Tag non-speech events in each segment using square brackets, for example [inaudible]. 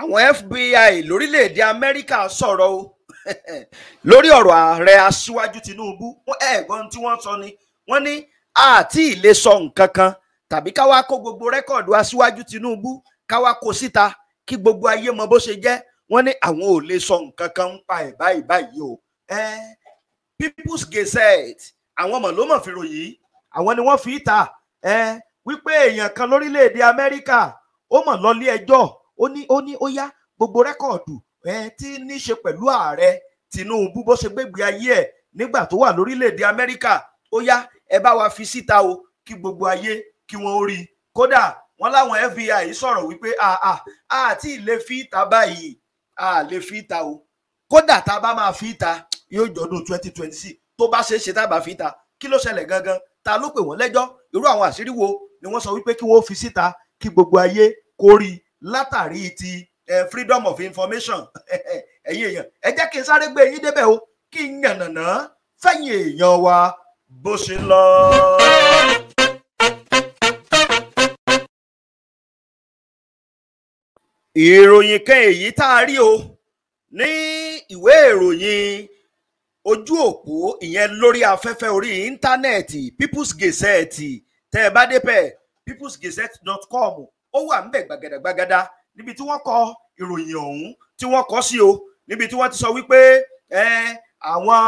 àwọn FBI lórílẹ̀‐èdè Amẹ́ríkà sọ̀rọ̀ o [laughs] lórí ọ̀rọ̀ ààrẹ aṣíwájú Tinubu ẹ̀gbọ́n tí wọ́n sọ ni wọ́n ní àti ìlé sọ nǹkan kan tàbí káwá kó gbogbo rẹ́kọ̀dù aṣíwájú Tinubu káwá kó síta kí gbogbo ayé mọ bó ṣe jẹ́ wọ́n ní àwọn ò lè sọ nǹkan kan ń pa ẹ̀ báyìí báyìí o People's Gazette àwọn ọmọ ló mọ̀ fi ròyìn àwọn ni wọ́n fi ta wípé èèyàn kan lórílẹ̀‐èdè Amẹ́ríkà ó mọ̀ lọ ẹjọ́ ó ní ó ní ó yá gbogbo rẹ́kọ̀dù tí ní ṣe pẹ̀lú ààrẹ Tinubu bó ṣe gbégbé ayé ẹ̀ nígbà tó wà lórílẹ̀‐èdè Amẹ́ríkà ó yá ẹ bá wa fi síta o kí gbogbo ayé kí wọ́n ó rí i kódà wọ́n láwọn FBI sọ̀rọ̀ wípé àà àti ilé fi báyìí a lè fi o kódà tá a bá máa fi yóò jọdún twenty twenty six tó bá ṣeé ṣe tá a bá fi kí ló ṣẹlẹ̀ gangan ta ló pè wọ́n lẹ́jọ́ irú àwọn àṣírí wo ni wọ́n sọ wípé kí wọ́n fi síta kí gbogbo ayé kó látàrí ti eh, freedom of information [laughs] ẹ̀yin èèyàn ẹ jẹ́ kí n sáré gbé yín débẹ̀ o kí n yànnàná fẹ̀yìn èèyàn wa bó ṣe lọ. ìròyìn kan èyí tá a rí o ní ìwé ìròyìn ojú òpó ìyẹn lórí afẹ́fẹ́ orí íńtánẹ́ẹ̀tì people's gazette tẹ́ ẹ bá débẹ̀ peoplesgazette.com ó wà ń bẹ̀ gbàgàdàgbàgàdà níbi tí wọ́n kọ ìròyìn ọ̀hún tí wọ́n kọ sí o níbi tí wọ́n ti sọ wípé àwọn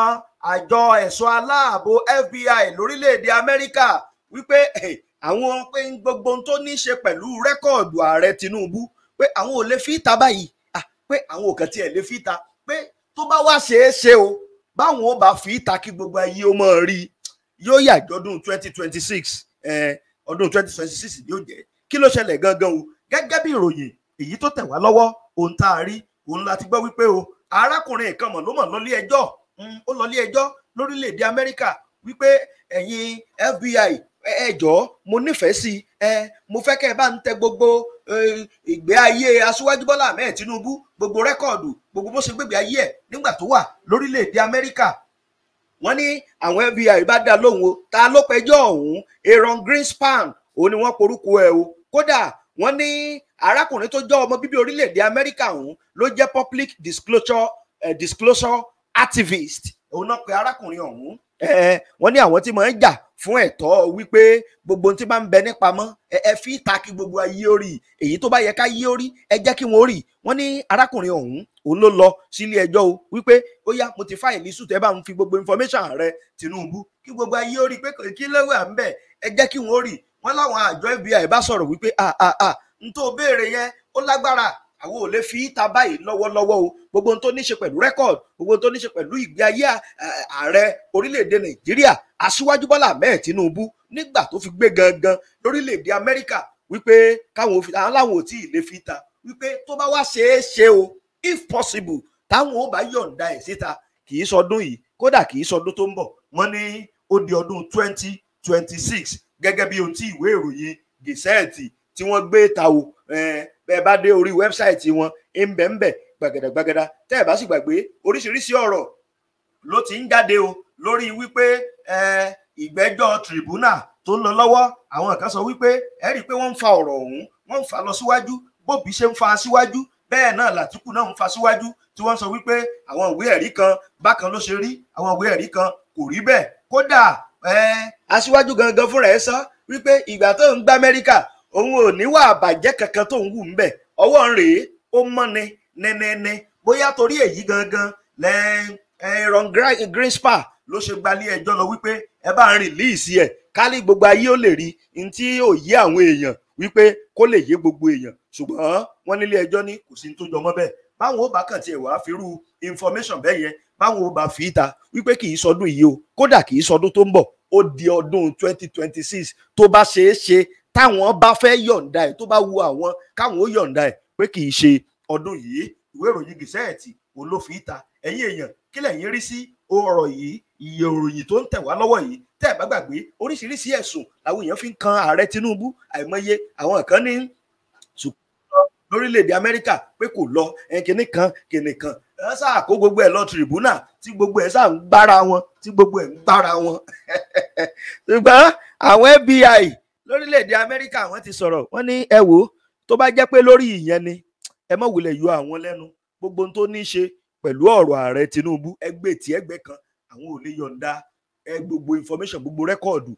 àjọ ẹ̀ṣọ́ aláàbò FBI lórílẹ̀‐èdè Amẹ́ríkà wípé àwọn pé gbogbo tó ní í ṣe pẹ̀lú rẹ́kọ̀dù ààrẹ Tinubu pé àwọn ò lè fi ìta báyìí pé àwọn ò kàn tiẹ̀ lè fi ìta pé tó bá wá ṣeé ṣe o báwọn ò bá fi ìta kí gbogbo ayé ó mọ̀ rí yóò yàjọ́dún twenty twenty six ọdún twenty twenty six yóò jẹ́ kí ló ṣẹlẹ̀ gangan o gẹ́gẹ́ bí ìròyìn èyí tó tẹ̀ wá lọ́wọ́ ohun tá a rí òun la ti gbọ́ wípé o arákùnrin kan mọ̀ ló mọ̀ lọ́lé ẹjọ́ hmm, ó lọ́lé ẹjọ́ lórílẹ̀‐èdè Amẹ́ríkà wípé ẹ̀yin FBI ẹ jọ̀ọ́ mo nífẹ̀ẹ́ sí ẹ mo fẹ́ kẹ́ ẹ bá ń tẹ gbogbo ìgbé ayé aṣíwájú Bọ́lá Ahmed Tinubu gbogbo rẹ́kọ̀dù gbogbo bó ṣe gbégbé ayé ẹ̀ nígbà tó wà lórílẹ̀‐èdè Amẹ́ríkà wọ́n ní àwọn FBI bá dá lóhùn o ta ló pẹjọ́ ọ̀hún Aaron Greenspan òun ni wọ́n porúkọ ẹ̀ o kódà wọ́n ní arákùnrin tó jẹ́ ọmọ bíbí orílẹ̀-èdè amẹ́ríkà ọ̀hún ló jẹ́ public disclosure uh, disclosure activist òun náà pe arákùnrin ọ̀hún wọ́n ní àwọn tí máa ń jà fún ẹ̀tọ́ wípé gbogbo tí bá ń bẹ nípamọ́ ẹ fi ta kí gbogbo ayé orí èyí tó bá yẹ ká yé orí ẹ jẹ́ kí wọ́n rí wọ́n ní arákùnrin ọ̀hún òun ló lọ sílé ẹjọ́ o wípé ó yá mo ti fáìlì sùn tẹ́ bá ń fi gbogbo information rẹ Tinubu kí gbogbo ayé orí pé kí ló wà ń bẹ̀ ẹ jẹ́ kí wọ́n rí wọ́n láwọn àjọ FBI bá sọ̀rọ̀ wípé n tó béèrè yẹn ó lágbára àwọn ò lè fi í ta báyìí lọ́wọ́lọ́wọ́ o gbogbo ohun tó ní ṣe pẹ̀lú rẹ́kọ̀d gbogbo ohun tó ní ṣe pẹ̀lú ìgbé ayé ààrẹ orílẹ̀-èdè Nàìjíríà aṣíwájú Bọ́lá Ahmed Tinubu nígbà tó fi gbé gangan lórílẹ̀-èdè Amẹ́ríkà wípé káwọn aláwọn ò tí ì lè fi ta wípé tó bá wá ṣeé ṣe o if possible táwọn ò bá yọ̀ǹda ẹ̀ síta kì í sọdún yìí kódà kì í sọdún tó ń bọ̀ wọ́n ní ó di ọdún twenty twenty six gẹ́gẹ́ bí ohun tí ìwé ìròyìn gẹ̀ẹ́sẹ̀ẹ̀tì tí wọ́n gbé tàwọ̀ bẹ́ẹ̀ bá dé orí wẹ́bsáìtì wọn ńbẹ̀ńbẹ̀ gbàgàdàgbàgàdà tẹ́ ẹ̀ bá sì gbàgbé oríṣiríṣi ọ̀rọ̀ ló ti ń jáde o lórí wípé ìgbẹ́jọ́ tribunal tó ń lọ lọ́wọ́ àwọn kan sọ wípé ẹ rí i pé wọ́n ń fa ọ̀rọ̀ ọ̀hún wọ́n ń fa lọ síwájú bóbi ṣe ń fa síwájú bẹ́ẹ̀ náà làtìkù náà ń fa síwájú tí wọ́n sọ wípé àwọn ìwé ẹ̀rí kan bákan ló ṣe rí àwọn ìwé ẹ̀rí kan kò rí bẹ́ẹ̀ kódà aṣíwájú gangan fúnra ẹ sọ wípé ìgbà tó ń gba amẹ́ríkà òun ò níwà àbàjẹ́ kankan tó ń wù ń bẹ̀ ọwọ́ ń rèé ó mọ́ni nẹ́nẹ́nẹ́ bóyá torí èyí gangan lẹ́yìn ẹ̀rọ̀n Greenspan ló ṣe gbalé ẹjọ́ lọ wípé ẹ bá ń rìlíìsì ẹ̀ kálí gbogbo ayé ó lè rí ní tí ò yé àwọn èèyàn wípé kó lè yé gbogbo èèyàn ṣùgbọ́n wọ́n nílé ẹjọ́ ní kò sí tó jọmọ́ bẹ́ẹ̀ báwọn ò bá kàn tiẹ̀ wá firú information bẹ́ẹ̀ yẹn báwọn ò bá fi í ta wípé kì í sọdún yìí o kódà kì í sọdún tó ń bọ̀ ó di ọdún twenty twenty six tó bá ṣeé ṣe táwọn bá fẹ́ yọ̀ǹda ẹ̀ tó bá wu àwọn káwọn ó yọ̀ǹda ẹ̀ pé kì í ṣe ọdún yìí ìwé ìròyìn gẹ̀ẹ́sẹ̀ẹ̀tì olófin ta ẹ̀yin èèyàn kí lẹ̀yin rí sí ọ̀rọ̀ yìí iye ìròyìn tó ń tẹ̀ wá lọ́wọ́ yìí tẹ́ ẹ̀ bá gbàgbé oríṣiríṣi ẹ̀sùn làwọn èèyàn fi ń kan ààrẹ Tinubu àìmọye àwọn kan ní lórílẹ̀‐èdè amẹ́ríkà pé kò lọ kìnnì kan kìnnì kan ẹ sáà kó gbogbo ẹ lọ tìrìbùnà tí gbogbo ẹ sáà ń gbára wọn tí gbogbo ẹ ń gbára wọn [laughs] ṣùgbọ́n àwọn FBI lórílẹ̀‐èdè amẹ́ríkà wọ́n ti sọ̀rọ̀ wọ́n ní ẹ wò ó tó bá jẹ́ pé lórí ìyẹn ni ẹ má wulẹ̀ yọ àwọn lẹ́nu gbogbo ohun tó ní í ṣe pẹ̀lú ọ̀rọ̀ ààrẹ Tinubu ẹgbẹ́ tí ẹgbẹ́ kan àwọn ò lè yọ̀ǹda ẹ gbogbo information gbogbo rẹ́kọ̀ọ̀dù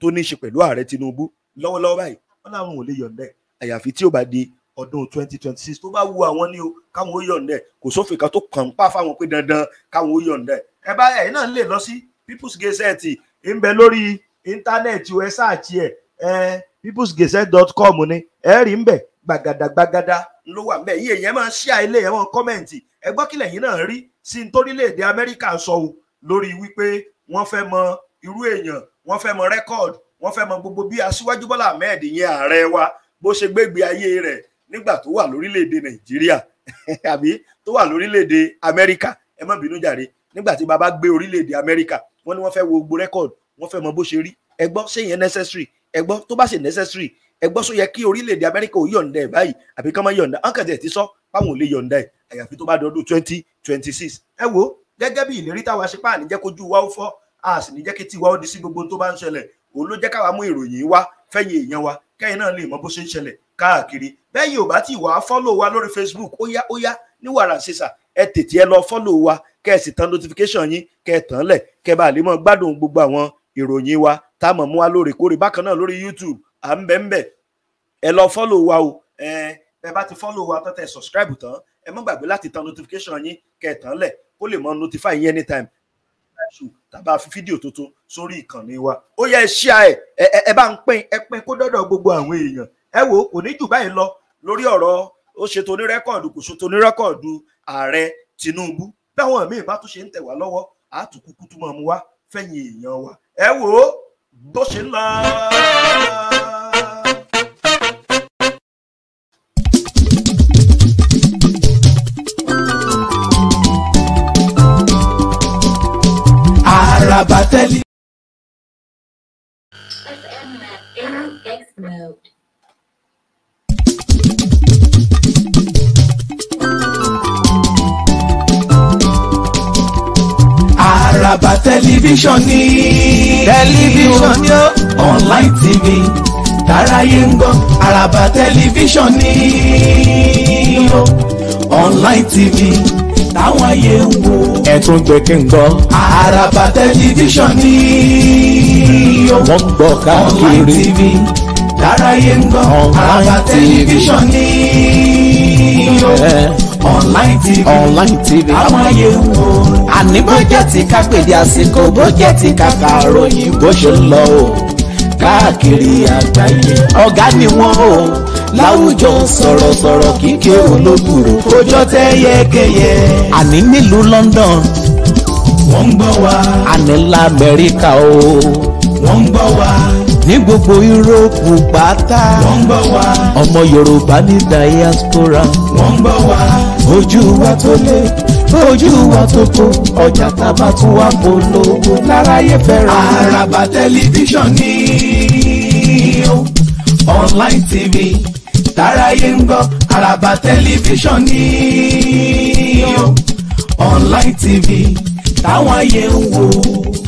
tó ní í ṣe pẹ̀lú ààrẹ Tinubu lọ́wọ́lọ́wọ́ báyìí wọ́n láwọn ò lè yọ̀ǹda àyàfi tí ó bá di ọdún twenty twenty six tó bá wu àwọn ní o káwọn ó yọ̀ǹdẹ̀ kò sófin kan tó kàn ń pa fáwọn pé dandan káwọn ó yọ̀ǹdẹ̀ ẹ bá ẹ náà lè lọ sí people's gazette ń bẹ lórí íńtánẹ́ẹ̀tì ẹ sáàtì ẹ ẹ peoplesgazette.com ni ẹ rí ń bẹ gbàgàdà gbàgàdà ló wà ń bẹ yìí èyàn máa ń ṣíà ilé ẹ máa ń kọ́mẹ̀ǹtì ẹ gbọ́ kílẹ̀ yìí náà rí sí ní torílẹ̀-èdè amẹ́ríkà sọ o lórí wípé wọ́n fẹ́ mọ irú èèyàn wọ́n fẹ́ mọ rẹ́kọ̀d wọ́n fẹ́ mọ gbogbo bí aṣíwájú bọ́lá ahmed yẹn ààrẹ wa bó ṣe gbégbé ayé rẹ̀ nígbà tó wà lórílẹ̀‐èdè nàìjíríà [laughs] àbí tó wà lórílẹ̀‐èdè amẹ́ríkà ẹ má bínú jàre nígbà tí bàbá gbé orílẹ̀‐èdè amẹ́ríkà wọ́n ní wọ́n fẹ́ wo gbogbo record wọ́n fẹ́ mọ bó ṣe rí ẹ gbọ́ ṣé necessary ẹ gbọ́ tó bá ṣe necessary ẹ gbọ́ sọ yẹ kí orílẹ̀‐èdè amẹ́ríkà ò yọ̀ǹda ẹ̀ báyìí àbí kán má yọ̀ǹda ọ̀kẹ́dẹ̀ ti sọ báwọn ò lè yọ̀ǹda ẹ̀ àyàfi tó bá dọdún twenty twenty six ẹ wo gẹ́gẹ́ bí ìlérí táwa ṣe páàní jẹ́ kojú wa ó fọ́ a sì ní jẹ́ kí tiwa ó di sí gbogbo tó bá ń ṣẹlẹ̀ òun ló jẹ́ káwa mú ìròyìn wa fẹ́yìn èèyàn wa kẹ́yìn náà lè mọ bó ṣe ń ṣẹlẹ̀ káàkiri bẹ́ẹ̀ yìí ò bá ti wà á fọ́lọ̀ wa lórí Facebook ó yá ó yá ní wàrà ṣèṣà ẹ tètè ẹ lọ fọ́lọ̀ wa kẹ́ ẹ sì tan notification yín kẹ́ ẹ tàn án lẹ̀ kẹ́ ẹ bá lè mọ gbádùn gbogbo àwọn ìròyìn wa tá a mọ̀ mú wa lóòrèkóòrè bákan náà lórí YouTube à ń bẹ̀ ń bẹ̀ ẹ lọ fọ́lọ̀ wa o ẹ ẹ bá ti fọ́lọ̀ wa tán subscribe tán ẹ mọ́ gbàgbé láti tan notification yín kẹ́ ẹ tàn án lẹ̀ kó lè mọ notify yín anytime ṣù tàbá fi fídíò tuntun sórí ìkànnì wa ó yẹ ẹ ṣíà ẹ ẹ bá ń pín ẹ pín kó dọ́dọ̀ gbogbo àwọn èèyàn ẹ wò kò ní jù báyìí lọ lórí ọ̀rọ̀ ó ṣètò ní rẹ́kọ̀dù kò ṣètò ní rẹ́kọ̀dù ààrẹ Tinubu báwọn míì bá tún ṣe ń tẹ̀ wá lọ́wọ́ àtúkúkú tó máa mú wá fẹ̀yìn èèyàn wa ẹ wò ó bó ṣe ń lọ. Àràbà tẹlifíṣàn ni tẹlifíṣàn ni ó online tv tàráyé ń gbọ́ àràbà tẹlifíṣàn ni online tv táwọn ayé ń wo ẹ̀tún gbẹ̀kẹ̀ ń gbọ́ àràbà tẹlifíṣàn ni wọ́n gbọ́ káàkiri online tv tàráyé ń gbọ́ àràbà tẹlifíṣàn ni online tv online tv àwọn ayé ń wo ní bọ́jẹ̀tì ká pèdé àsìkò bọ́jẹ̀tì ká kàròyìn bó ṣe ń lọ o káàkiri àgbáyé ọ̀gá ni wọ́n o láwùjọ sọ̀rọ̀sọ̀rọ̀ kíkẹ́ olóbùrò kójọ́ tẹ́ yẹ́kẹ́yẹ. àní nílùú London wọ́n ń gbọ́ wa. àní la Amẹ́ríkà o wọ́n ń gbọ́ wa ní gbogbo yúróòpù pátá. wọ́n ń gbọ́ wá. ọmọ yorùbá ní diaspora. wọ́n ń gbọ́ wá. ojú wa tó lé tójú wa tótó ọjà tábà tún wá polówó láráyé fẹ́ràn. àràbà tẹlifíṣàn ni ó online tv táráyé ń gbọ́ àràbà tẹlifíṣàn ni ó online tv táwọn ayé ń wò ó